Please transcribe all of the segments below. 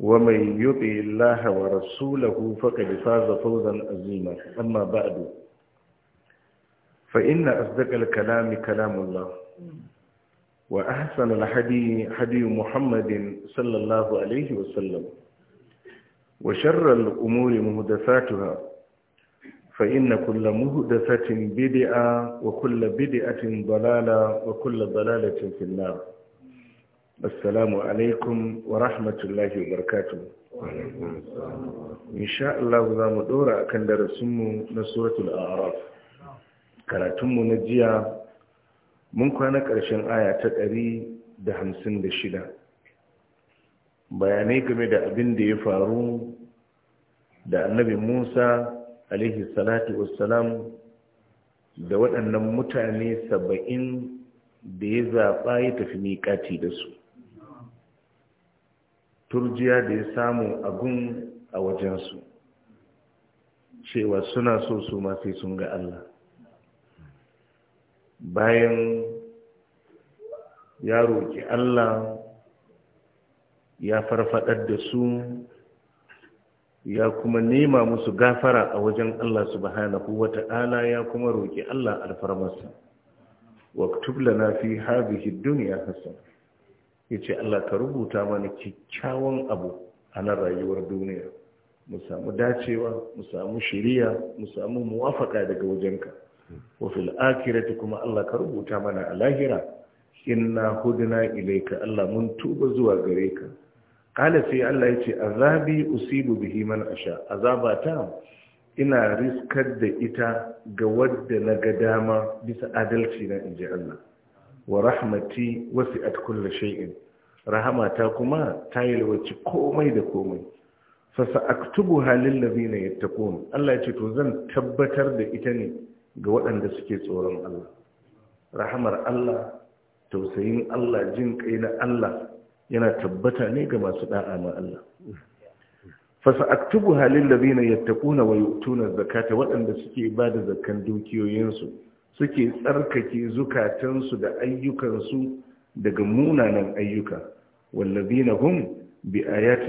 ومن يطع الله ورسوله فقد فاز فوزا عظيما أما بعد فإن أصدق الكلام كلام الله وأحسن الحدي حدي محمد صلى الله عليه وسلم وشر الأمور مهدفاتها فإن كل مهدفة بدعة وكل بدعة ضلالة وكل ضلالة في النار assalamu alaikum wa rahmatullahi wa barakatuh insha Allah za mu dora akan darasinmu na suratul a'raf karatunmu na jiya mun kwana ƙarshen aya ta ɗari da hamsin da shida bayanai game da abin da ya faru da annabi musa alaihi salatu da waɗannan mutane saba'in da ya zaɓa ya tafi miƙati da su turjiya da ya samu agun a wajensu cewa suna so su ma sai sun ga Allah bayan ya roƙi Allah ya farfadar da su ya kuma nema musu gafara a wajen Allah subhanahu wata'ala ya kuma roƙi Allah alfarmasi waktub lana fi hadhihi dunya hasana ya ce Allah ka rubuta mana kyakkyawan abu a nan rayuwar duniya mu samu dacewa mu samu shiriya mu samu muwafaka daga wajenka wa fil akhirati kuma Allah ka rubuta mana a lahira inna hudna ilayka Allah mun tuba zuwa gare ka qala sai Allah yace azabi usibu bihi man asha ta? ina riskar da ita ga wadda na ga dama bisa adalci na inji Allah wa rahmati wasi'at kulli shay'in rahamata kuma ta yalwaci komai da komai fa sa'aktubuha lil ladina yattaqun Allah ya ce to zan tabbatar da ita ne ga waɗanda suke tsoron Allah rahamar Allah tausayin Allah jin kai na Allah yana tabbata ne ga masu da'a ma Allah fa sa'aktubuha lil ladina yattaquna wa yu'tuna zakata waɗanda suke ba da zakkan dukiyoyinsu suke tsarkake zukatansu da ayyukansu daga munanan ayyuka wallazina hum bi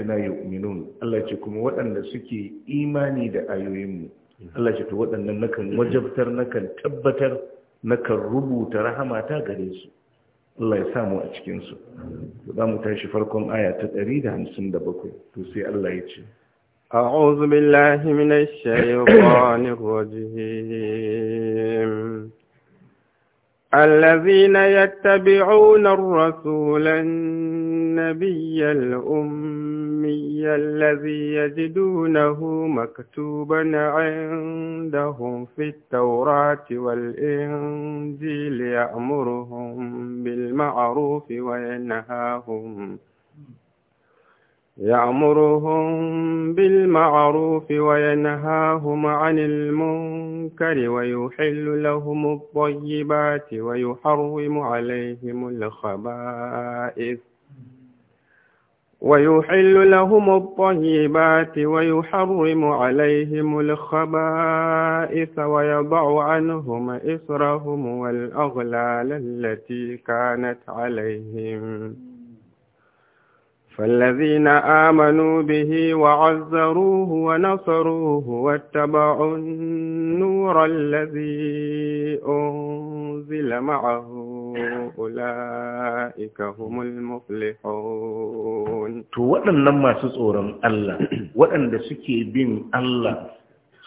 na yu'minun Allah ce kuma waɗanda suke imani da ayoyinmu Allah ce ta waɗannan nakan wajabtar nakan tabbatar nakan rubuta rahama ta gare su Allah ya samu a cikinsu. su za mu tashi farkon aya ta 157 to sai Allah ya ce أعوذ بالله من الشيطان الرجيم الذين يتبعون الرسول النبي الأمي الذي يجدونه مكتوبا عندهم في التوراة والإنجيل يأمرهم بالمعروف وينهاهم يأمرهم بالمعروف وينهاهم عن المنكر ويحل لهم الطيبات ويحرم عليهم الخبائث ويحل لهم الطيبات ويحرم عليهم الخبائث ويضع عنهم إسرهم والأغلال التي كانت عليهم فالذين آمنوا به وعزروه ونصروه واتبعوا النور الذي أنزل معه أولئك هم المفلحون to waɗannan masu tsoron Allah waɗanda suke bin Allah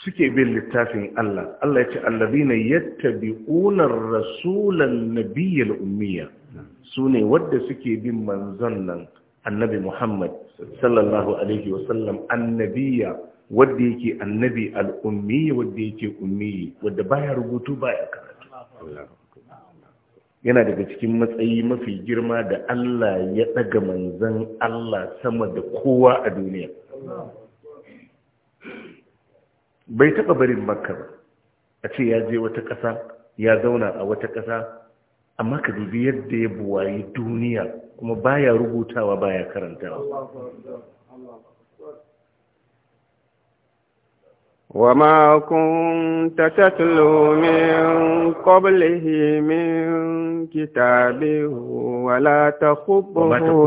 suke bin littafin Allah Allah ya ce allazina yattabi'una ar-rasulan nabiyyal ummiya sune wadda suke bin manzon nan annabi Muhammad sallallahu alaihi wasallam annabiya wadda yake annabi al'ummi wadda yake ummi wadda baya rubutu baya karatu yana daga cikin matsayi mafi girma da Allah ya ɗaga manzan Allah sama da kowa a duniya bai taɓa barin makka ba a ce ya je wata ƙasa ya zauna a wata ƙasa amma ka dubi yadda ya buwayi duniya kuma baya rubutawa baya karantawa wama kun ta tattalo min kobili min kita bihu wala ta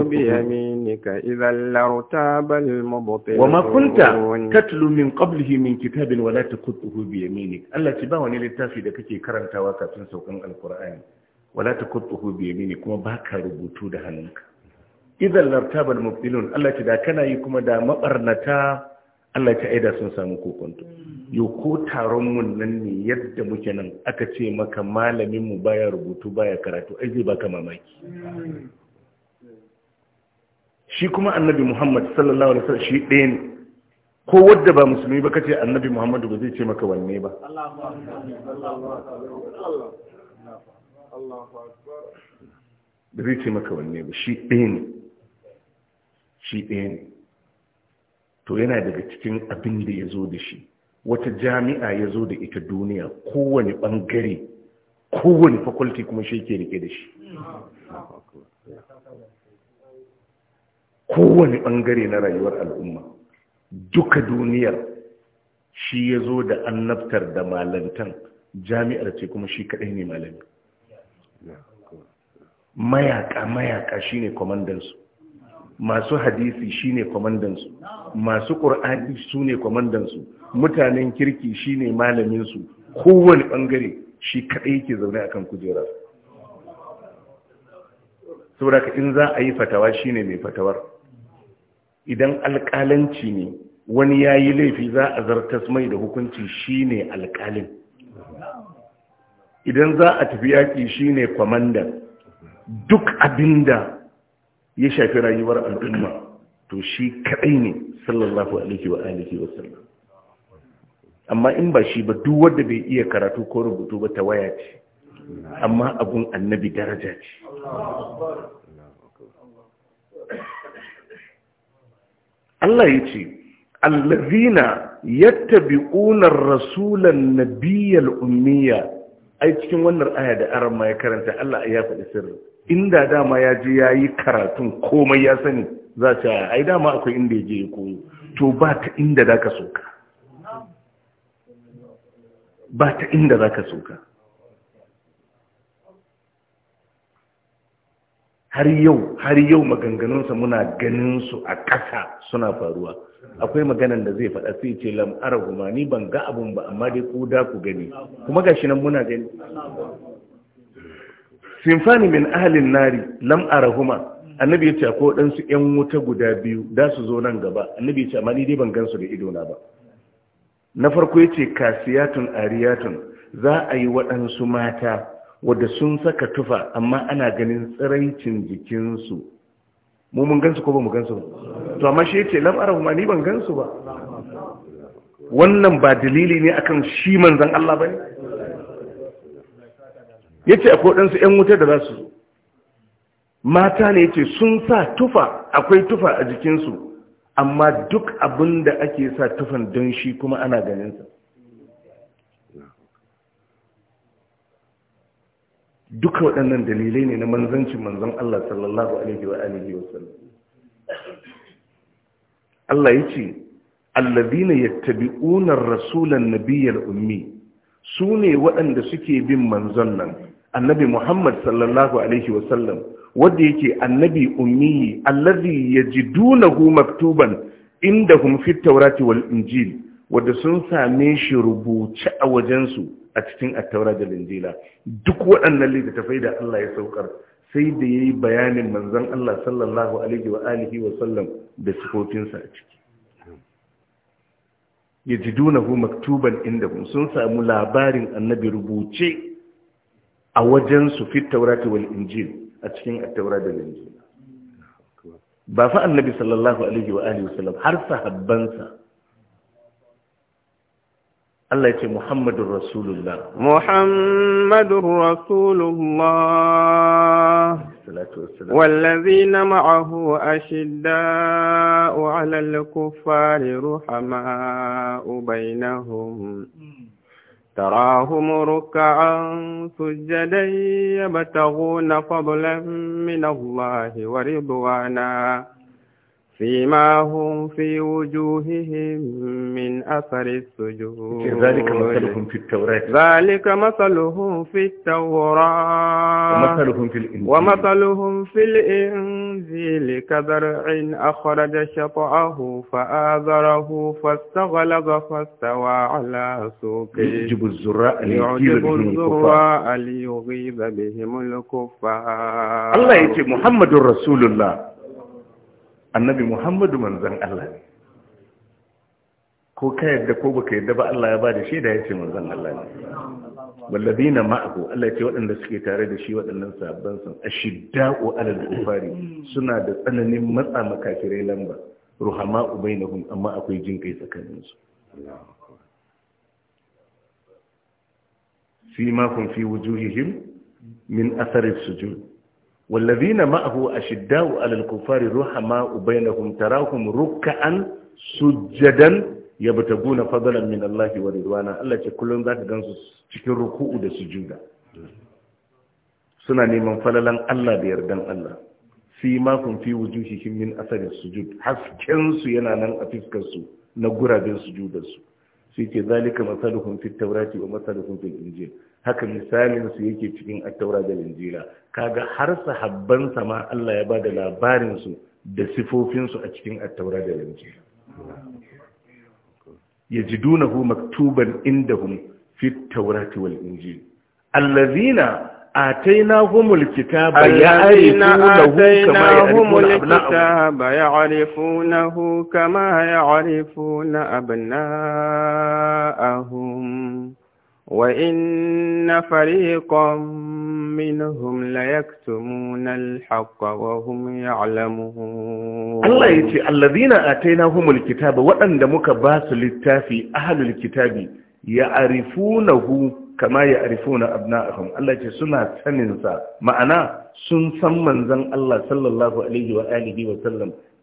bi yamini ka izallar ta bali mabote wama kun ta tattalo min kobili min kita bihu wala ta kubo bi yamini allaci ba wani littafi da kake karantawa kafin saukan alkur'ani wala taqutuhu bi mini kuma baka rubutu da hannunka idan lartaban mubtilun Allah ta da kana yi kuma da mabarnata Allah ta aida sun samu kokonto yo ko taron mun nan ne yadda muke nan aka ce maka malamin mu baya rubutu baya karatu ai zai baka mamaki shi kuma annabi Muhammad sallallahu alaihi wasallam shi ɗaya ne ko wadda ba musulmi ba kace annabi Muhammad ba zai ce maka wanne ba da zai ce maka wanne ba shi ɗaya ne shi ɗaya ne to yana daga cikin abin da ya zo da shi wata jami'a ya zo da ita duniya kowane ɓangare kowane fakulti kuma shi ke rike da shi kowane ɓangare na rayuwar al'umma duka duniyar shi ya zo da annabtar da malantan jami'ar ce kuma shi kaɗai ne malami mayaka mayaka shine kwamandansu masu hadisi shine kwamandansu masu ƙur'ani sune ne kwamandansu mutanen kirki shine malaminsu kowane ɓangare shi kaɗai yake zaune akan kujera saboda ka in za a yi fatawa shine mai fatawar idan alƙalanci ne wani ya yi laifi za a zartas mai da hukunci shine alƙalin idan za a tafi yaƙi shine kwamandan, duk abinda ya shafi rayuwar al'umma to shi kaɗai ne sallallahu alaihi wa alihi wa sallam amma in ba shi ba duk wadda bai iya karatu ko rubutu ba ta waya ce amma abun annabi daraja ce Allah ya ce allazina yattabi'una rasulan nabiyyal ummiya ai cikin wannan aya da aran ma ya karanta Allah ya faɗi sirri inda dama ya je ya yi karatun komai ya sani za ta yaya ai dama akwai inda ya je ya koyo to ba ta inda za ka soka ba ta inda za ka soka har yau har yau maganganunsa muna ganin su a ƙasa suna faruwa akwai maganan da zai faɗa sai ce lam'ara kuma ni ban ga abun ba amma dai ku da ku gani kuma gashi nan muna gani sinfani min ahalin nari lam'ara kuma annabi ya ce ko ɗansu 'yan wuta guda biyu da su zo nan gaba annabi ya ce amma ni dai ban gansu da ido na ba na farko ya ce kasiyatun ariyatun za a yi waɗansu mata wadda sun saka tufa amma ana ganin tsiraicin jikinsu mu mun gansu ko ba mu gansu to amma shi yace lam ma ni ban gansu ba wannan ba dalili ne akan shi manzon Allah bane yace akwai dan su ƴan wuta da za su mata ne yace sun sa tufa akwai tufa a jikinsu amma duk abin da ake sa tufan don shi kuma ana ganin sa duka waɗannan dalilai ne na manzancin manzan Allah sallallahu alaihi wa alihi Allah yace ya yattabi'una unar rasulan nabiyyal ummi sune waɗanda suke bin manzon nan annabi Muhammad sallallahu alaihi wa sallam wanda yake annabi ummi alladhi yajidunahu maktuban indahum fit taurati wal injili wadda sun same shi rubuce a wajensu a cikin attaura da linjila duk waɗannan littattafai da Allah ya saukar sai da ya yi bayanin manzan Allah sallallahu alaihi wa alihi wa sallam da sifofinsa a ciki ya ji dunahu maktuban inda sun samu labarin annabi rubuce a wajensu fit taurati wani injil a cikin attaura da linjila ba fa annabi sallallahu alaihi wa alihi wa sallam har sahabbansa Allah ce Muhammadun Rasulullah. Muhammadun Rasulullah. Wallazi na ma'ahu a shidda wa alalakufari ruhama ubainahum. تراهم ركعا سجدا يبتغون فضلا من الله ورضوانا فيما هم في وجوههم من أثر السجود ذلك مثلهم في التوراة ذلك مثلهم في التوراة ومثلهم في الإنجيل ومثلهم في الإنجيل كزرع أخرج شطأه فآذره فاستغلظ فاستوى على سوقه يعجب الزراء ليغيب الزراء بهم الكفار الله يجي محمد رسول الله annabi muhammadu manzan Allah ne ko ka yadda ko baka yadda ba Allah ya ba da shaida ya ce manzan Allah ne na ma'ahu Allah ya ce waɗanda suke tare da shi waɗannan sabban sun ashidda'u alal kufari suna da tsananin matsa makafirai lamba ruhama ubainahum amma akwai jin kai tsakaninsu fi ma kun fi wujuhihim min asarin sujud والذين معه أشداء على الكفار رحماء بينهم تراهم ركعا سجدا يبتغون فضلا من الله ورضوانا الله تكلون ذات gansu cikin ruku'u da sujuda suna neman falalan Allah da yardan Allah fi ma kun fi wujuhihim min asarin sujud hasken su yana nan a fiskar su na guraben sujudar su sai ce zalika masaluhum fit tawrati wa masaluhum fil injil haka misalin su yake cikin attaura da linjila kaga har sahabban sama Allah ya bada labarin su da sifofin su a cikin attaura da linjila yajidunahu maktuban indahum fi at-taurati wal injil allazina آتيناهم الكتاب يعرفونه كما يعرفون أبناءهم وإن فريقا منهم ليكتمون الحق وهم يعلمون الله يتي الذين آتيناهم الكتاب وأن دمك باس للتافي أهل الكتاب يعرفونه kama ya arifuna abna'ahum Allah ce suna saninsa ma'ana sun san manzon Allah sallallahu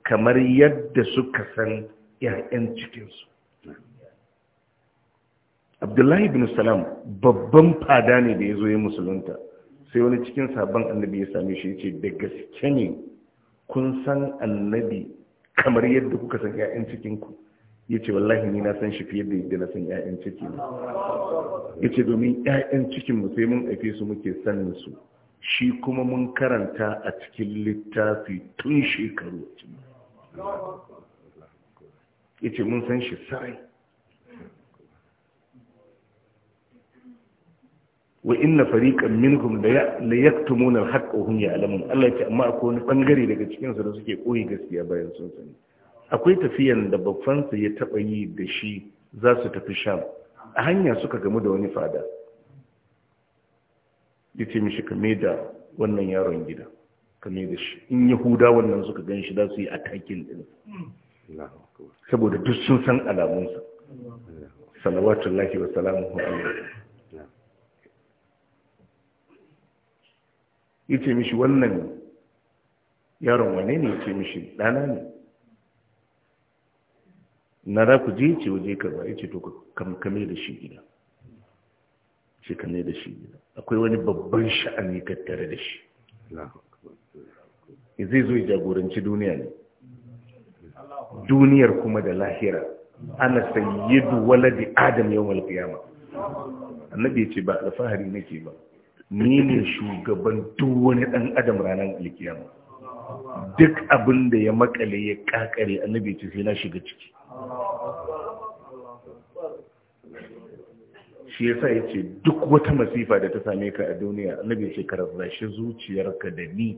kamar yadda suka san ƴaƴan cikinsu abdullahi bin salam babban fada ne da ya zo ya musulunta sai wani cikin sabon annabi ya same shi ya ce da gaske ne kun san annabi kamar yadda kuka san 'ya'yan cikinku ya ce wallahi ni na san shi fiye da yadda na san 'ya'yan ciki ya ce domin 'ya'yan cikin mu sai mun aife su muke sanin su shi kuma mun karanta a cikin littafi tun shekaru ya ce mun san shi sarai wa inna fariqan minhum la yaktumuna al-haqq wa hum ya'lamun Allah ya amma akwai wani bangare daga cikin su da suke koyi gaskiya bayan sun sani akwai tafiyan da babban sa ya taba yi da shi za su tafi sham a hanya suka gamu da wani fada yace mishi kame da wannan yaron gida kame da shi in yahuda wannan suka gan shi za su yi attacking din saboda duk sun san alamunsa alaihi wa sallam ya ce mishi wannan yaron wane ne ya ce mishi ɗana ne na za ku je ce waje karba ya ce to kame da shi gida shi kame da shi gida akwai wani babban sha'ani tare da shi zai zo ya jagoranci duniya ne duniyar kuma da lahira ana sayyidu waladi adam yawon alkiyama annabi ya ce ba alfahari nake ba ni ne shugaban duk wani ɗan adam ranar alkiyama duk abin da ya makale ya ƙaƙare annabi ce sai na shiga ciki shi yasa ya ce duk wata masifa da ta same ka a duniya annabi ce ka shi zuciyarka da ni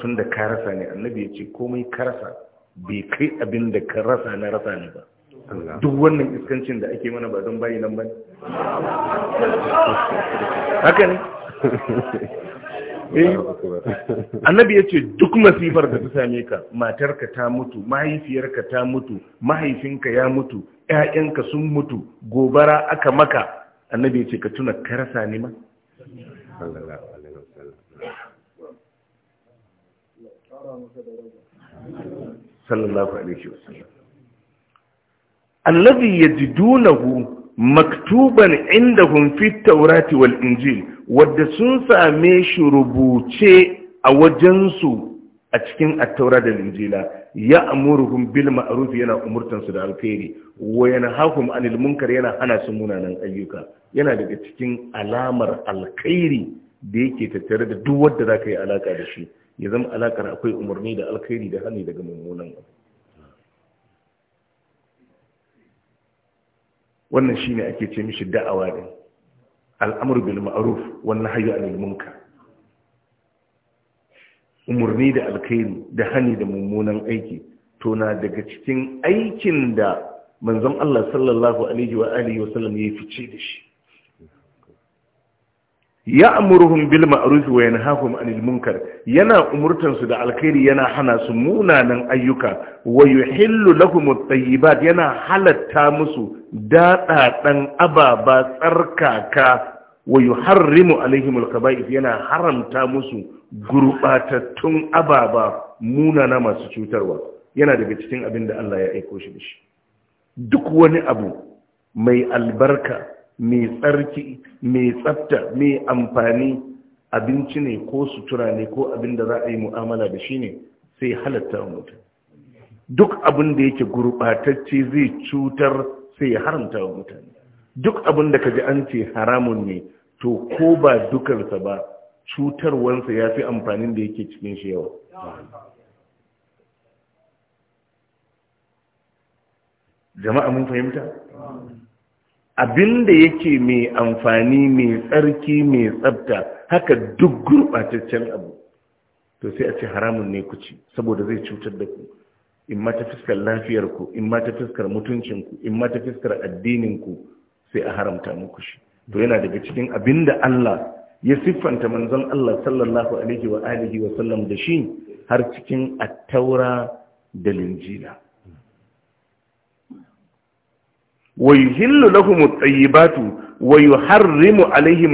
tun da ka rasa ne annabi ya ce komai ka rasa bai kai abin da ka rasa na rasa ne ba duk wannan iskancin da ake mana ba don bayi nan ba haka ne eh. annabi ya ce duk masifar da ta same ka matarka ta mutu mahaifiyarka ta mutu mahaifinka ya mutu 'ya'yanka sun mutu gobara aka maka annabi ya ce ka tuna karasa ne ma sallallahu alaihi wasallam allazi yajidunahu maktuban indahum fi taurati wal injil wadda sun same shi rubuce a wajensu a cikin attaura da injila ya amuruhum bil ma'ruf yana umurtan su da alkhairi wa yanhahum anil munkar yana hana su munanan ayyuka yana daga cikin alamar alkhairi da yake tattare da duk wanda zaka yi alaka da shi ya zama alakar akwai umarni da alkhairi da hani daga mummunan abu wannan shi ne ake ce mishi da'awa ne. Al'amur bil ma'ruf wan nahyu anil munkar umurni da alkhairi da hani da mummunan aiki to na daga cikin aikin da manzon Allah sallallahu alaihi wa alihi wasallam ya fice da shi ya amurhum bil ma'ruf wa yanhahum 'anil munkar yana umurtan su da alkhairi yana hana su munanan ayyuka wa yuhillu lahum at-tayyibat yana halatta musu dadadan ababa tsarkaka wa yuharrimu alaihim al-kaba'if yana haramta musu gurbatattun ababa munana masu cutarwa yana daga cikin abin da Allah ya aiko shi da shi duk wani abu mai albarka mai tsarki mai tsafta mai amfani abinci ne ko sutura ne ko abin da za a yi mu'amala da shi ne sai halatta mutum duk abin da yake gurɓatacce zai cutar sai haramta wa mutane duk abin da kaji an ce haramun ne to ko ba dukansa ba cutarwansa ya fi amfanin da yake cikin shi yawa jama'a mun fahimta Abin da yake mai amfani mai tsarki mai tsabta haka duk gurɓataccen abu to sai a ce haramun ne ku ci saboda zai cutar da ku in ma ta fuskar lafiyarku in ma ta fuskar mutuncinku in ma ta fuskar addininku sai a haramta muku shi to yana daga cikin abin da Allah ya siffanta manzon Allah sallallahu alaihi wa alihi wa sallam da shi har cikin at-taura da linjila wa لهم الطيبات ويحرم عليهم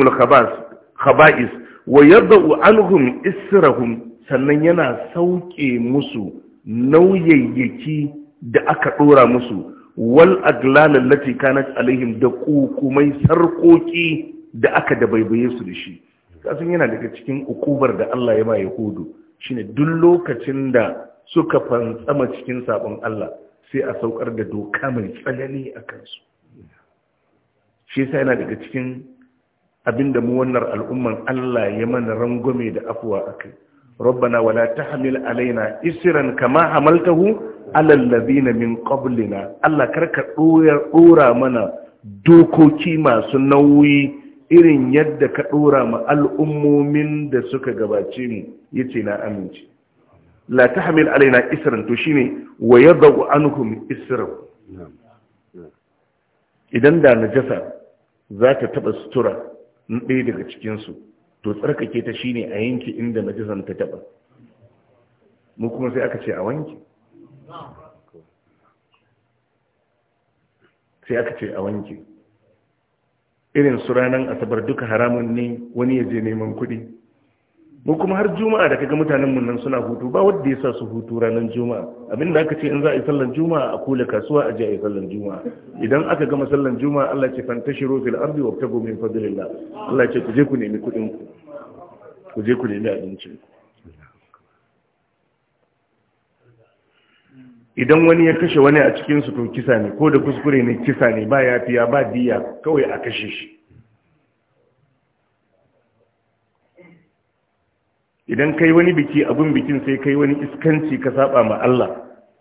wa yuharrimu alaihim al sannan yana sauke musu nauyayyaki da aka ɗora musu wal aglal lati kanat alaihim da kukumai sarkoki da aka dabaibaye su da shi kasan yana daga cikin ukubar da Allah ya ma yahudu shine duk lokacin da suka fantsama cikin sabon Allah sai a saukar da doka mai tsanani a kansu shi yasa yana daga cikin abinda mu wannan al'umman Allah ya mana rangwame da afuwa akai wala tahmil alaina isran kama hamaltahu حملته على min qablina Allah karka ka ɗora mana dokoki masu nauyi irin yadda ka dora ma al'ummomin da suka gabace mu yace na amince la tahmil alaina isran to shine wa yadhu anhum isran idan da najasa za ta taba sutura ɗaya daga cikin su to tsarkake ta shine a yanki inda najasan ta taba mu kuma sai aka ce a wanke sai aka ce a wanki irin su ranar asabar duka haramun ne wani ya je neman kuɗi mu kuma har juma'a da kaga mutanen mun nan suna hutu ba wanda ya sa su hutu ranar juma'a abin da aka ce in za a yi sallar juma'a a kula kasuwa a je a yi sallar juma'a idan aka gama sallar juma'a Allah ce fantashiru fil ardi tabu min fadlillah Allah ce ku je ku nemi kudin ku ku je ku nemi abincin idan wani ya kashe wani a cikin su to kisa ne ko da kuskure ne kisa ne ba yafiya ba diya kawai a kashe shi idan kai wani biki abin bikin sai kai wani iskanci ka saba ma Allah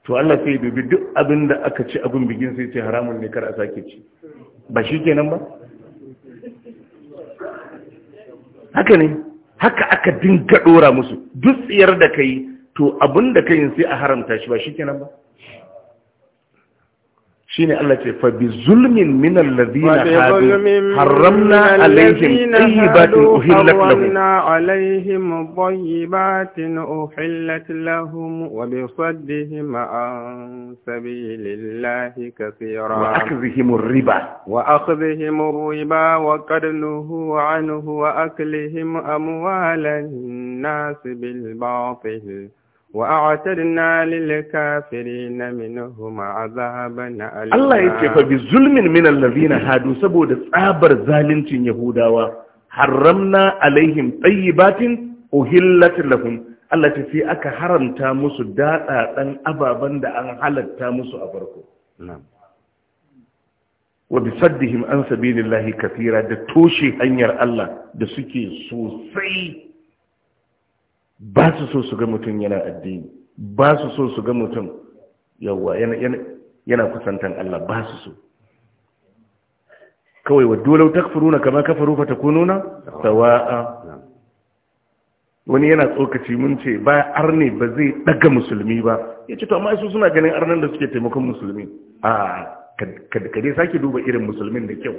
to Allah sai dubi duk abin da aka ci abin bikin sai ce haramun ne kar a sake ci ba shi kenan ba haka ne haka aka dinga dora musu duk tsiyar da kai to abin da kai sai a haramta shi ba shi kenan ba shine Allah ce fa bi zulmin min alladhina hadu harramna alaihim tayyibatin uhillat lahum alaihim tayyibatin uhillat lahum wa bi saddihim an sabilillahi kaseeran wa akhdhihim ar-riba wa akhdhihim ar-riba wa qad anhu wa aklihim amwalan nas bil batil وأعتدنا للكافرين منهم عذابا أليما الله يتفى بظلم من الذين هادوا سبود صابر alaihim يهوداوا حرمنا عليهم طيبات أهلت لهم Allah ta fi aka haramta musu daɗaɗen ababen da an halatta musu a farko. Wa bi saddihim an sabilillahi kafira da toshe hanyar Allah da suke sosai ba su so su ga mutum yana addini ba su so su ga mutum yawa yana kusantan Allah ba su so kawai wa dolau takfuruna kama kafaru fa takununa sawa'a wani yana tsokaci mun ce ba arne ba zai daga musulmi ba ya ce to amma su suna ganin arnan da suke taimakon musulmi a kadai sake duba irin musulmin da kyau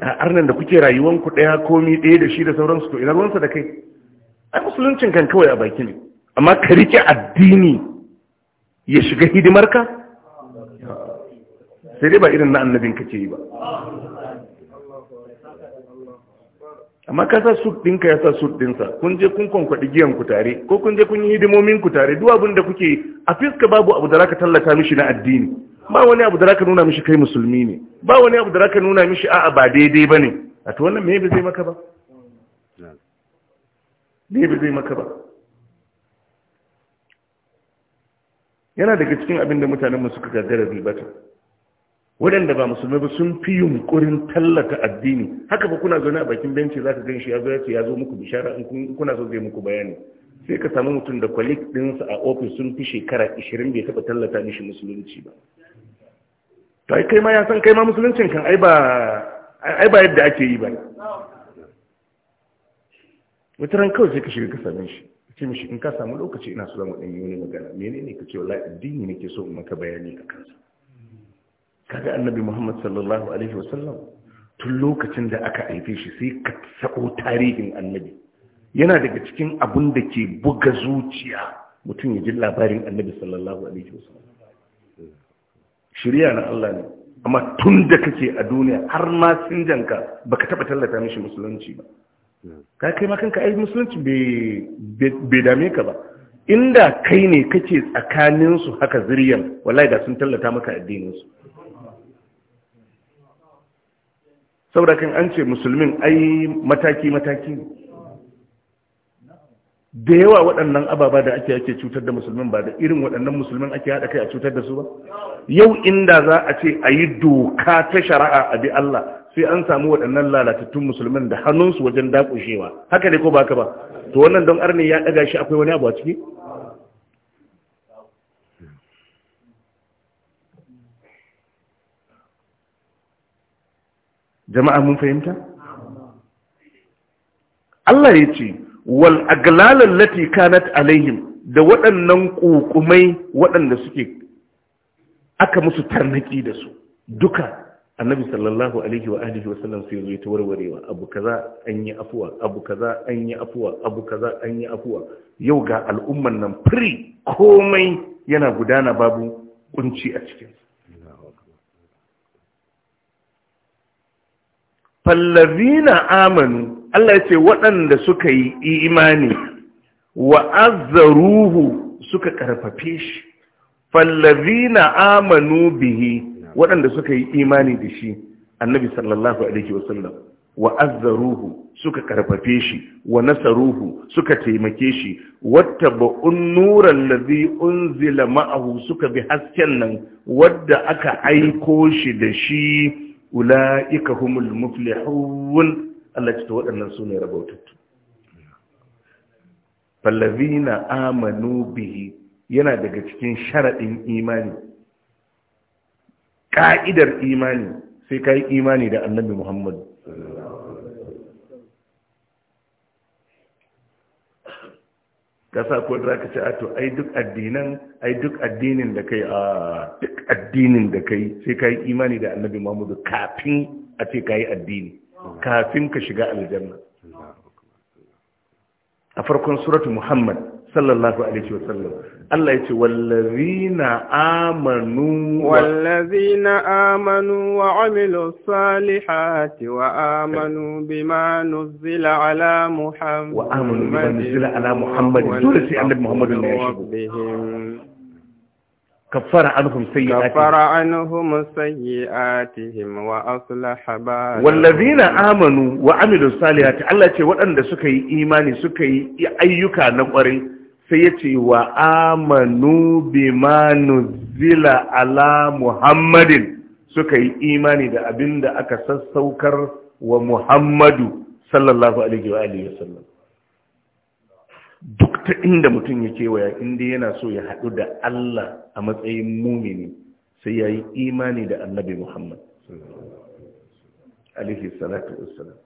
arnan da kuke rayuwan ku daya komi daya da shi da sauransu to ina ruwansa da kai ai musuluncin kan kawai a baki ne amma ka rike addini ya shiga hidimarka sai dai ba irin na annabin ce yi ba amma ka sa sut ɗinka ya sa sut ɗinsa kun je kun kwankwaɗi giyan ku tare ko kun je kun yi hidimomin ku tare duk abin da kuke a fiska babu abu da zaka tallata mishi na addini ba wani abu da raka nuna mishi kai musulmi ne ba wani abu da raka nuna mishi a'a ba daidai ba ne. a to wannan me ba zai maka ba me ba zai maka ba yana daga cikin abin da mutanen suka gagara ribata waɗanda ba Musulmi ba sun fi yunkurin tallata addini haka ba kuna zaune a bakin benci za ka gan shi ya zo ya ce ya zo muku bishara in kuna so zai muku bayani sai ka samu mutum da kwalik ɗinsa a ofis sun fi shekara 20 bai taɓa tallata mishi musulunci ba to ai kai ma ya san kai ma musuluncin kan ai ba yadda ake yi ba mutaran kawai sai ka shiga ka same shi ce mishi in ka samu lokaci ina so zama ɗanyi wani magana menene ka ce wallahi addini nake so in maka bayani a kansa kaga annabi muhammad sallallahu alaihi wasallam tun lokacin da aka haife shi sai ka sako tarihin annabi yana daga cikin abun da ke buga zuciya mutum ya ji labarin annabi sallallahu alaihi wasallam shirya na Allah ne amma tun da kake a duniya har ma ba baka taba tallata mishi musulunci ba ka kai ma kanka ai musulunci bai dame ka ba inda kai ne kake tsakaninsu su haka zuriyan wallahi da sun tallata maka addinin su saboda kan an ce musulmin ai mataki mataki ne da yawa waɗannan ababa da ake ake cutar da musulmin ba da irin waɗannan musulmin ake haɗa kai a cutar da su ba yau inda za a ce a yi doka ta shari'a a bi Allah sai an samu waɗannan lalatattun musulmin da hannunsu wajen dakushewa haka ne ko ba ka ba to wannan don arni ya ɗaga shi akwai wani abu a ciki jama'a mun fahimta Allah ya ce wal aglalan lati kanat alaihim da waɗannan ƙuƙumai waɗanda suke aka musu tarnaki da su duka annabi sallallahu alaihi wa alihi wa sallam sai zai ta warwarewa abu kaza an yi afuwa abu kaza an yi afuwa abu kaza an yi afuwa yau ga al'umman nan firi komai yana gudana babu kunci a cikin fallazina amanu Allah ya ce waɗanda suka yi imani wa azzaruhu suka ƙarfafe shi fallazina amanu bihi waɗanda suka yi imani da shi annabi sallallahu alaihi wasallam wa azzaruhu suka ƙarfafe shi wa nasaruhu suka taimake shi ba'un nuran lazi unzila ma'ahu suka bi hasken nan wadda aka aiko shi da shi ula'ika humul muflihun Allah ce to waɗannan su ne rabautattu fallazina amanu bihi yana daga cikin sharaɗin imani ƙa'idar imani sai ka yi imani da annabi Muhammad kasa ko da ka ce a to ai duk addinan ai duk addinin da kai a duk addinin da kai sai ka yi imani da annabi Muhammadu kafin a ce ka yi addini kafin ka shiga aljanna a farkon suratu muhammad sallallahu alaihi wa sallam Allah ya ce wallazina amanu wallazina amanu wa amilu salihati wa amanu bima nuzila ala muhammad wa amanu bima nuzila ala muhammad dole sai annabi muhammad ne ya shigo كفر عنهم سيئاتهم كفر عنهم سيئاتهم واصلح بالهم والذين امنوا وعملوا الصالحات الله يقول وأن سكي إيماني سكي أيوكا نقري سيأتي وامنوا بما نزل على محمد سكاي ايماني دا أبين دا أكسس سوكر ومحمد صلى الله عليه واله وسلم Wata ta inda mutum ya kewaya inda yana so ya haɗu da Allah a matsayin mumini sai ya yi imani da annabi Muhammad. Alihi salatu wassalam.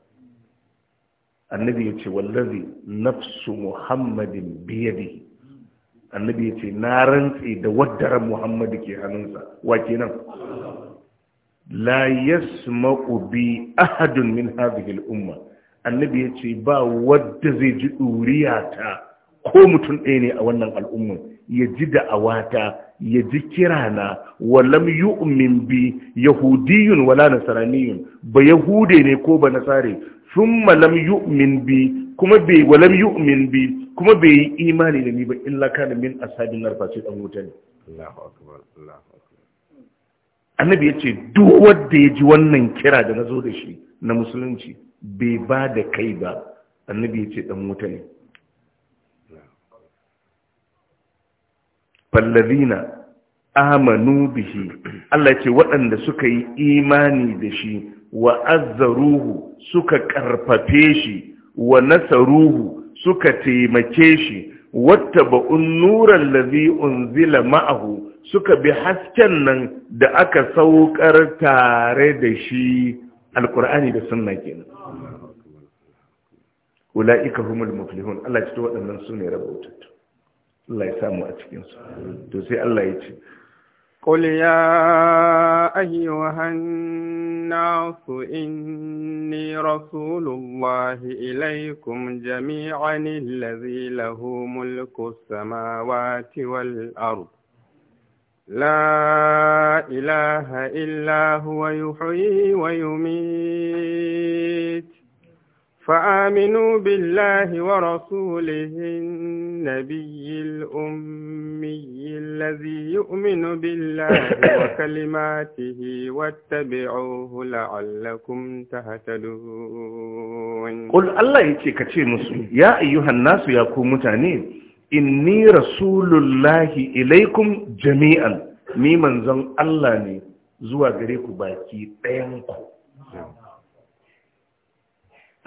Annabi ya ce, wallazi nafsu Muhammadin biyadi. Annabi ya ce, na rantse da waddaran muhammad ke hannunsa, wa nan? La yasma'u bi ahadun min hadhihi umma Annabi ya ce, ba wadda zai ji ɗuriya ta ko mutum ɗaya ne a wannan al'umma ya ji awata ya ji kirana walam yu'min bi yahudiyun wala nasaraniyun ba yahude ne ko ba nasare thumma lam yu'min bi kuma bai walam yu'min bi kuma bai yi imani da ni ba illa kana min ashabin nar fasid an wuta ne Allahu akbar Allahu akbar annabi yace duk wanda ya ji wannan kira da nazo da shi na musulunci bai ba da kai ba annabi yace dan wuta ne fallazina amanu bihi Allah ce waɗanda suka yi imani da shi wa azzaruhu suka karfafe shi wa nasaruhu suka taimake shi wattaba'un nuran ladhi unzila ma'ahu suka bi hasken nan da aka saukar tare da shi alqur'ani da sunna kenan ulaika humul muflihun Allah ce waɗannan sune rabotattu Allah ya samu a cikinsu. To Allah ya ce, Ƙul ya ayyuhan wahan nasu inni rasulullahi ilaikum jami'an allazi lahu mulku samawati wal ard La ilaha illa huwa yuhyi wa yumit. فآمنوا بالله ورسوله النبي الأمي الذي يؤمن بالله وكلماته واتبعوه لعلكم تهتدون قل الله يتكتي مسلم يا أيها الناس يا كومتاني إني رسول الله إليكم جميعا ممن زن الله ني زوا غريكو باكي تينكو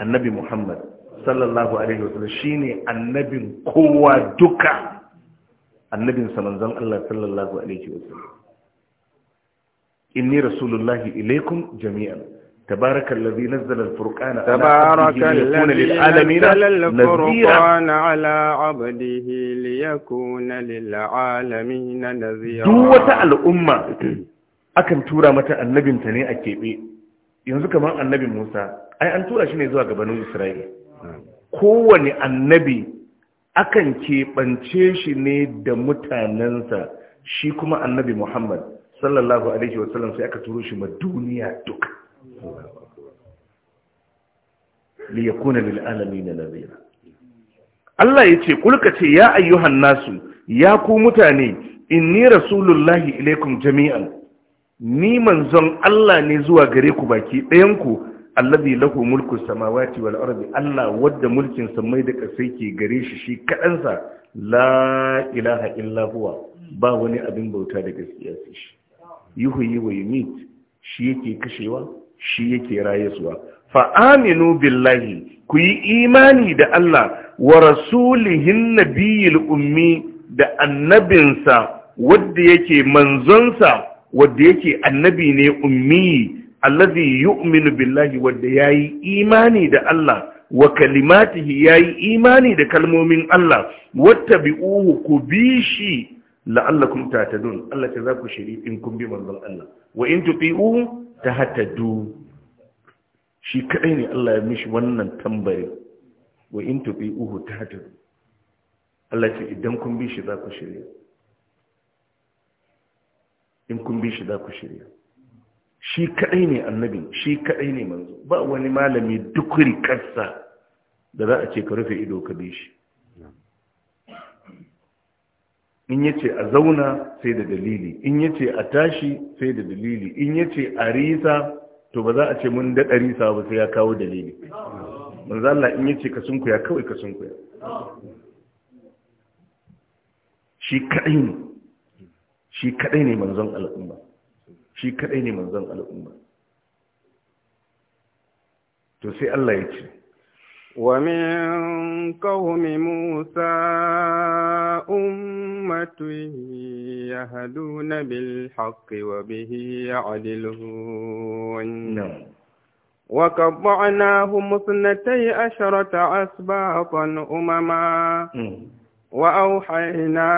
annabi muhammad sallallahu alaihi wasallam shine annabin kowa duka annabin sa manzon Allah sallallahu alaihi wasallam inni rasulullahi ilaikum jami'an تبارك الذي نزل الفرقان تبارك الذي نزل الفرقان على عبده ليكون للعالمين نذيرا دوة الأمة akan tura mata annabinta ne a keɓe yanzu kamar annabin musa ai an tura shi ne zuwa banu Isra'il. kowane annabi akan keɓance shi ne da mutanensa shi kuma annabi muhammad sallallahu alaihi wasallam sai aka turo shi ma duniya duka liyakuna alamin nadira Allah yace kulka ce ya ayyuhan nasu ya ku mutane inni rasulullahi ilaikum jami'an ni manzon Allah ne zuwa gare ku baki ɗayan ku allazi lahu mulku samawati wal ardi Allah wadda mulkin samai da kasai ke gare shi shi kadan sa la ilaha illa huwa ba wani abin bauta da gaskiya sai shi yuhyi wa yumit shi yake kashewa shi yake rayuwa fa aminu billahi ku yi imani da Allah wa rasulihin nabiyil ummi da annabinsa wadda yake manzonsa wadda yake annabi ne ummi allazi yu'minu billahi wanda yayi imani da Allah wa kalimatihi yayi imani da kalmomin Allah wattabi'uhu ku bishi la'allakum tahtadun Allah ta za ku shiri in kun bi manzon Allah wa in tuti'uhu tahtadu shi kadai ne Allah ya mishi wannan tambari wa in tuti'uhu tahtadu Allah ce idan kun bi shi za ku shirya in kun bi shi za ku shirya shi kadai ne annabi shi kadai ne manzo ba wani malami duk rikarsa da za a ce ka rufe ido ka bi shi in yace a zauna sai da dalili in yace a tashi sai da dalili in yace a risa to ba za a ce mun daɗa risa ba sai ya kawo dalili manzo Allah in yace ka sunkuya kawai ka sunkuya shi kadai ne shi kadai ne manzon al'umma shi kadai ne manzan al'umma to sai Allah ya ce wa min qawmi musa ummatu yahduna bil haqqi wa bihi ya ya'dilun وقطعناهم اثنتي عشرة أسباطا أمما وأوحينا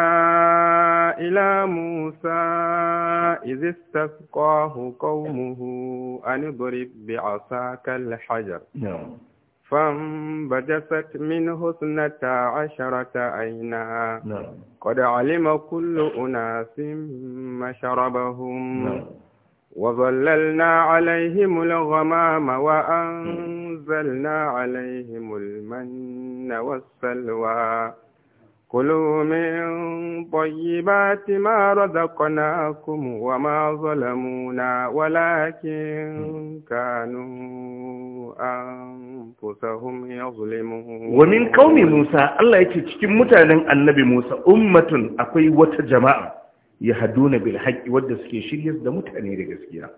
إلى موسى إذ استسقاه قومه أن اضرب بعصاك الحجر نعم. فانبجست منه اثنتا عشرة عينا نعم. قد علم كل أناس مشربهم نعم. وظللنا عليهم الغمام وأنزلنا عليهم المن والسلوى Kulumin ɓoye ba shi ma razakona, kuma mazo lamuna, walakin kanu, an fuska wumi na fulmin kuɗi. Wa min ƙauni Musa, Allah ce cikin mutanen Annabi Musa, ummata, ummata, tun akwai wata jama'a ya haduna bilhaki, wadda suke shiryas da mutane da gaskiya.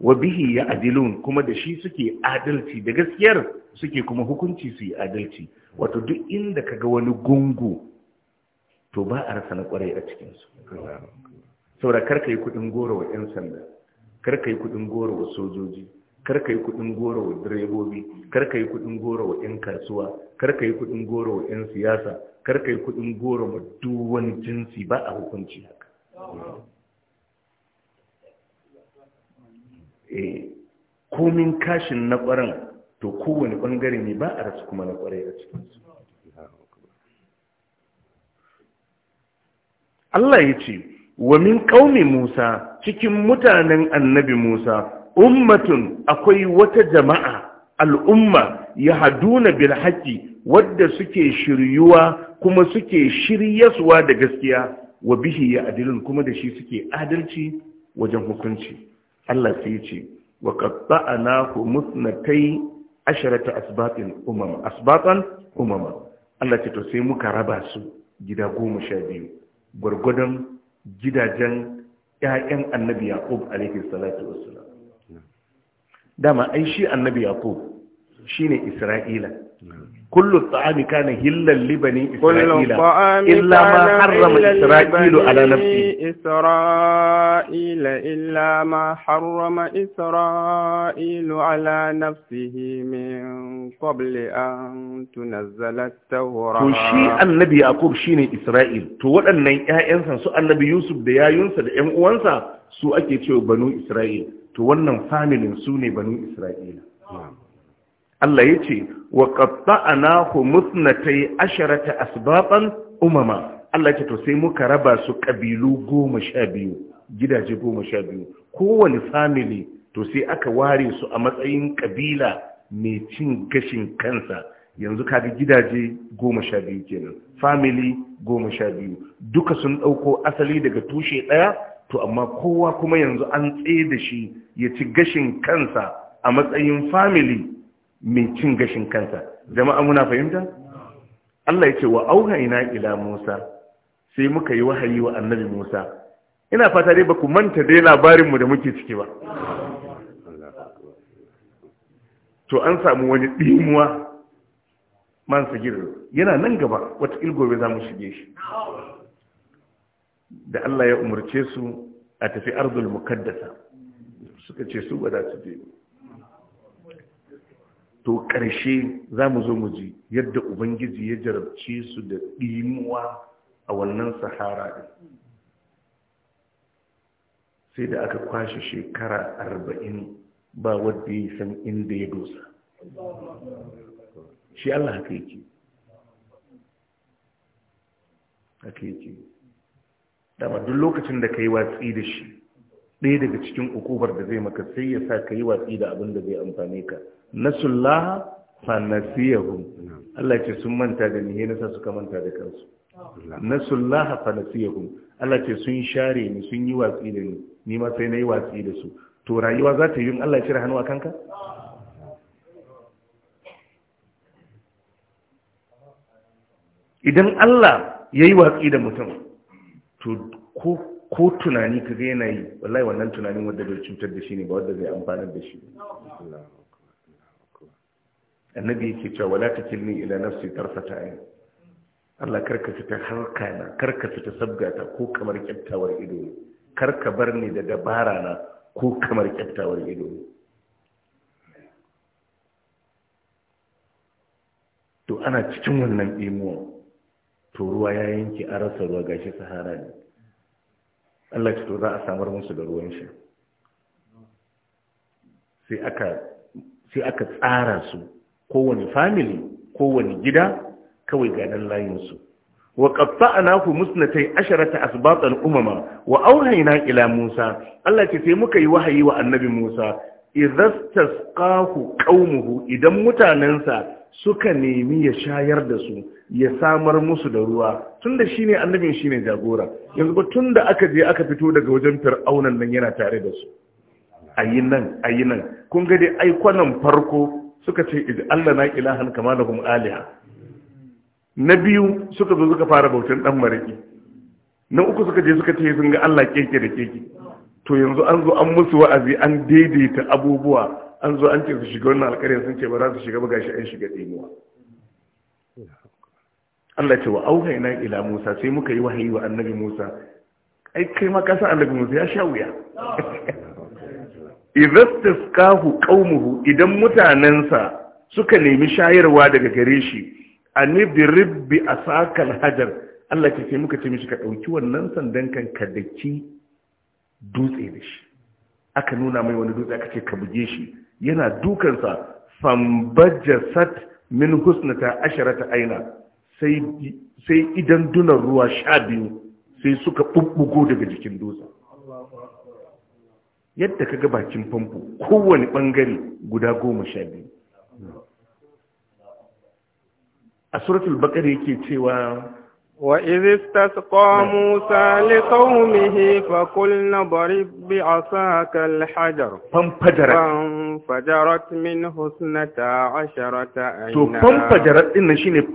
Wa bihi ya adi kuma da shi suke adalci, da gaskiyar suke kuma hukunci suke adalci. Wato duk inda ka ga wani gungu. to ba a rasa na kwarai a cikinsu saboda karka yi kudin goro wa 'yan sanda karka yi kudin goro wa sojoji karka yi kudin goro wa direbobi karka yi kudin goro wa 'yan kasuwa karka yi kudin goro wa 'yan siyasa karka yi kudin goro wa duwan jinsi ba a hukunci haka eh, komin kashin na kwarin to kowane bangare ne ba a rasu kuma na kwarai a cikinsu Allah ya ce wa min qaumi Musa cikin mutanen annabi Musa ummatun akwai wata jama'a al'umma yahduna bil bilhaki wadda suke shiryuwa kuma suke shiryasuwa da gaskiya wa bihi ya adilun kuma da shi suke adalci wajen hukunci Allah sai ya ce wa qatta'nahu musnatai asharata asbatin umama asbatan umama Allah ce to sai muka raba su gida goma sha biyu gwargwadon gidajen ‘ya'yan annabi yaƙub alaihi salatu dama ai shi annabi yaƙub shi ne isra'ila كل الطعام كان هلا لبني إسرائيل إلا ما حرم إسرائيل على نفسه إسرائيل إلا ما حرم إسرائيل على نفسه من قبل أن تنزل التوراة وشي النبي يعقوب شيني إسرائيل تقول أن يأنسى سؤال النبي يوسف ديا ينسى ديا أنسى سؤال كيتشو بنو إسرائيل تقول أن فاملين سوني بنو إسرائيل نعم Allah ya ce wa qatta'nahu musnatay asharata asbaban umama Allah ya ce to sai muka raba su kabilu 12 gidaje 12 kowane family to sai aka ware su a matsayin kabila mai cin gashin kansa yanzu kaga gidaje goma sha biyu kenan family goma sha biyu duka sun ɗauko asali daga tushe ɗaya to amma kowa kuma yanzu an tsaye da shi ya ci gashin kansa a matsayin family mai cin gashin kansa jama'a muna fahimta Allah ya ce wa ina ila Musa sai muka yi wahayi wa annabi Musa ina fata dai ba ku manta dai labarin mu da muke ciki ba to an samu wani dimuwa man sagir yana nan gaba wata ilgobe za mu shige shi da Allah ya umarce su a tafi ardul mukaddasa suka ce su ba za su je to ƙarshe za mu zo mu ji yadda ubangiji ya jarabce su da ɗimuwa a wannan sahara ɗin sai da aka kwashe shekara arba'in ba wadda ya san inda ya dosa shi allah haka yake haka yake dama duk lokacin da ka yi watsi da shi ɗaya daga cikin ukubar da zai maka sai ya sa ka yi watsi da abin da zai amfane ka nasullaha fa nasiyahum Allah ce sun manta da ni nasa suka manta da kansu nasullaha fa nasiyahum Allah ce sun share ni sun yi watsi da ni ni ma sai na yi watsi da su to rayuwa za ta yi in Allah ya cire hannu a kanka idan Allah ya yi watsi da mutum to ko tunani ka ga yana yi wallahi wannan tunanin wadda bai cutar da shi ne ba wadda zai amfanar da shi ne annabi yake cewa wala takilni ila nafsi tarfata ayn Allah karka fita harka na karka fita sabgata ko kamar kyaftawar ido ne karka bar ni da dabara na ko kamar kyaftawar ido to ana cikin wannan imuwa to ruwa ya yanke a rasa ruwa gashi sahara ne Allah ce to za a samar musu da ruwan shi sai aka tsara su kowane family kowane gida kawai ganin layinsu wa fu musnatay asharata asbatan umama wa awhayna ila Musa Allah ce sai muka yi wahayi wa annabi Musa tasqahu qaumuhu idan mutanansa suka nemi ya shayar da su ya samar musu da ruwa tunda shine annabin shine jagora yanzu ba tunda aka je aka fito daga wajen fir'aunan nan yana tare da su ayi nan nan kun ga dai ai kwanan farko suka ce id Allah na ilahan kama da kuma aliha na biyu suka zo suka fara bautan dan mariki na uku suka je suka ce sun ga Allah keke da keke to yanzu an zo an musu wa'azi an daidaita abubuwa an zo an ce su shiga wannan alƙarya sun ce ba za su shiga ba gashi an shiga ɗimuwa Allah ce wa auhaina ila Musa sai muka yi wahayi wa annabi Musa ai kai ma ka san annabi Musa ya sha wuya izastaskahu kaumuhu idan mutanensa suka nemi shayarwa daga gare shi ribbi bi asakal hajar Allah ke ce muka ce mishi ka dauki wannan sandan kan ka daki dutse da shi aka nuna mai wani dutse aka ce ka buge shi yana dukansa fambajasat min husnata asharata aina sai sai idan dunan ruwa sha biyu sai suka bubbugo daga jikin dutsen yadda ka ga bakin famfo kowane ɓangare guda goma sha biyu a suratul bakar yake cewa wa izi tasqa musa li qaumihi fa qulna barib bi asaka al hajar fanfajarat fanfajarat min husnata asharata ayna to fanfajarat din shine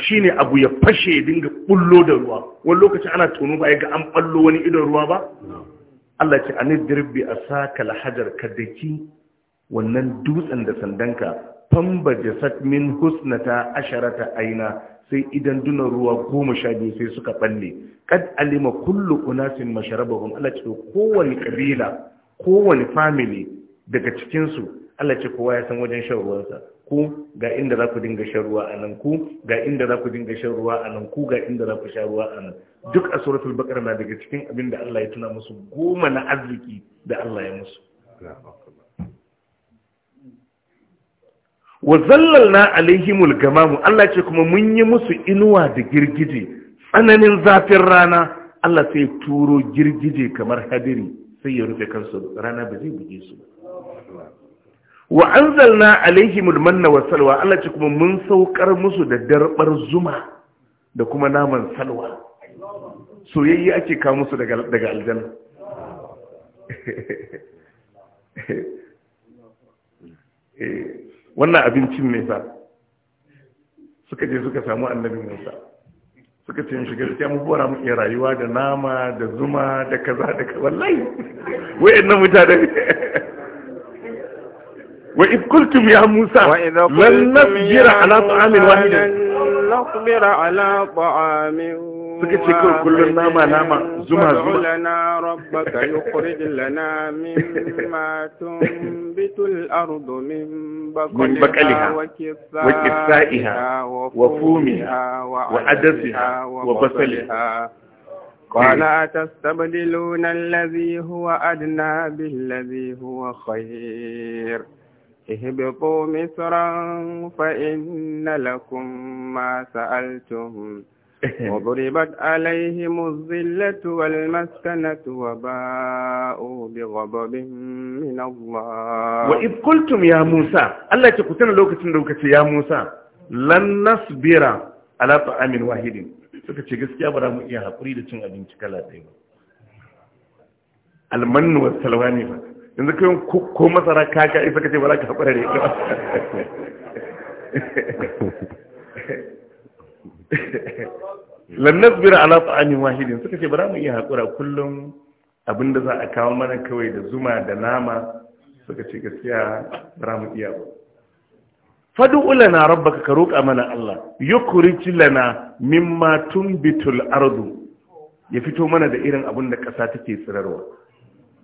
shi ne abu ya fashe dinga bullo da ruwa wani lokacin ana tono ba ya ga an ballo wani idon ruwa ba Allah ce a dirbi a saka lahajar ka daki wannan dutsen da sandanka famba jasad min husnata asharata aina sai idan duna ruwa goma sha biyu sai suka balle kad alima kullu unasin masharabahum Allah ce kowane kabila kowani family daga cikin su Allah ce kowa ya san wajen shan ruwansa ku ga inda za ku dinga shan ruwa a nan ku ga inda za ku dinga shan ruwa a nan ku ga inda za ku sha ruwa a nan duk a suratul baqara na daga cikin abin da Allah ya tuna musu goma na arziki da Allah ya musu wa zallalna alaihimul gamamu Allah ce kuma mun yi musu inuwa da girgije tsananin zafin rana Allah sai turo girgije kamar hadiri sai ya rufe kansu rana ba zai buge su ba wa anzalna alaihimul manna wa salwa Allah ce kuma mun saukar musu da darbar zuma da kuma naman salwa Soyayya ake kawo musu daga daga aljanna eh, wannan abincin ne sa suka je suka samu annabi Musa suka ce shi gaskiya mu bora mu iya rayuwa da nama da zuma da kaza da kaza wallahi wayannan mutane wa idh qultum ya musa lan nasbira ala ta'amin wahid nasbira ala ce kawai kullum nama nama zuma zuma lana rabbaka yukhrij lana mimma tunbitu wa kisaiha wa fumiha wa الذي هو أدنى بالذي هو خير اهبطوا مصرا فإن لكم ما سألتم وضربت عليهم الذلة والمسكنة وباءوا بغضب من الله وإذ قلتم يا موسى الله تقتل لوكة لوكة يا موسى لن نصبر على طعام واحد suka ce gaskiya ba za mu iya haƙuri da cin abinci kala ɗaya ba almannu wasu salwa ne ba yanzu kai ko masara kaka isa kace ba za ka haƙura ne ita lannas bira ala ta'amin wahidin suka ce ba za mu iya haƙura kullum abinda za a kawo mana kawai da zuma da nama suka ce gaskiya ba za mu iya ba fadu ulana rabbaka ka roƙa mana Allah yukhrij lana mimma tunbitul ardu ya fito mana da irin abinda da ƙasa take tsirarwa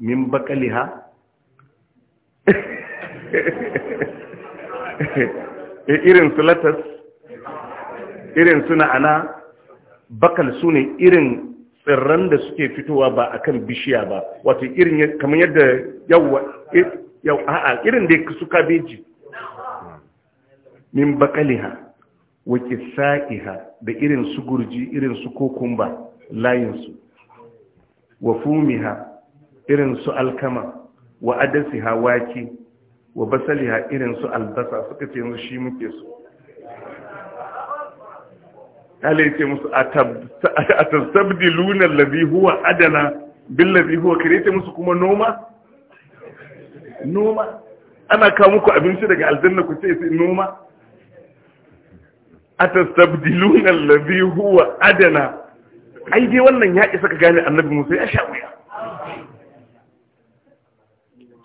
min baqaliha irin su latas irin su na'ana bakal su ne irin tsirran da suke fitowa ba a kan bishiya ba wato irin kamar yadda yau a'a irin da ya su kabeji min bakaliha wa ha, da irin su gurji irin su kokumba layinsu wa fumiha irin su alkama wa adasiha wake wa basaliha irin su albasa suka ce yanzu shi muke su kala ya ce musu a tasabdi lunar labi huwa adana bin labi huwa kare ce musu kuma noma noma ana kawo muku abinci daga aljanna ku ce sai noma a tasabdi lunar labi huwa adana ai dai wannan yaƙi suka gane annabi musu ya sha wuya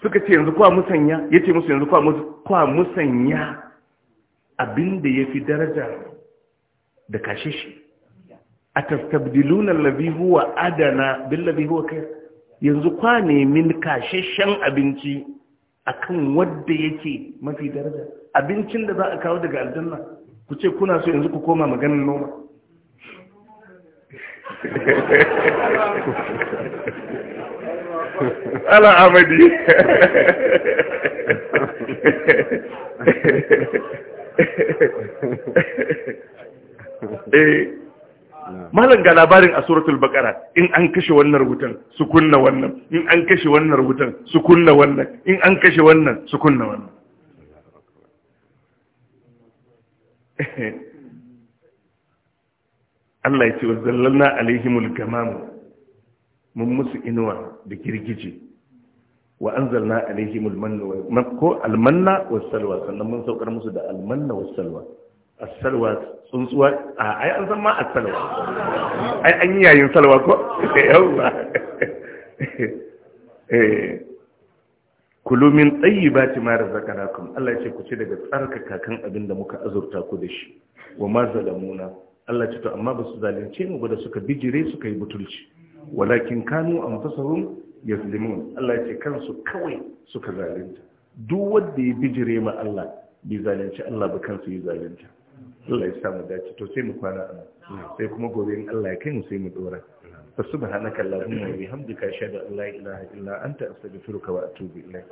suka ce yanzu kwa musanya ya ce musu yanzu kwa musanya abinda ya fi daraja da kashe shi a tastabdilunan labihuwa adana bin labihuwa kai yanzu kwa nemin shan abinci akan wadda yake mafi daraja abincin da za a kawo daga aljanna ku ce kuna so yanzu ku koma maganin noma ala amadi eh malam ga labarin a suratul baqara in an kashe wannan rubutan su kunna wannan in an kashe wannan rubutan su kunna wannan in an kashe wannan su kunna wannan Allah ya ce wa zallalna alaihimul gamamu mun musu inuwa da girgije wa anzalna alaihim almanna ko almanna wassalwa sannan mun saukar musu da almanna wassalwa as-salwa tsuntsuwa a ai an san ma as-salwa ai an yayin salwa ko yawa eh kulu min tayyibati ma razaqnakum Allah ya ce ku ci daga tsarkaka kan abin da muka azurta ku da shi wa ma zalamuna Allah ya ce to amma ba su zalunce mu ba da suka bijire suka yi butulci walakin kanu anfusahum yazlimun Allah ce kansu kawai suka zalunta duk wanda ya bijire ma Allah bi zalunci Allah ba kansu ya zalunta Allah ya samu dace to sai mu kwana sai kuma gobe in Allah ya kai mu sai mu dora fa subhanaka allahumma wa bihamdika ashhadu an la ilaha illa anta astaghfiruka wa atubu ilayk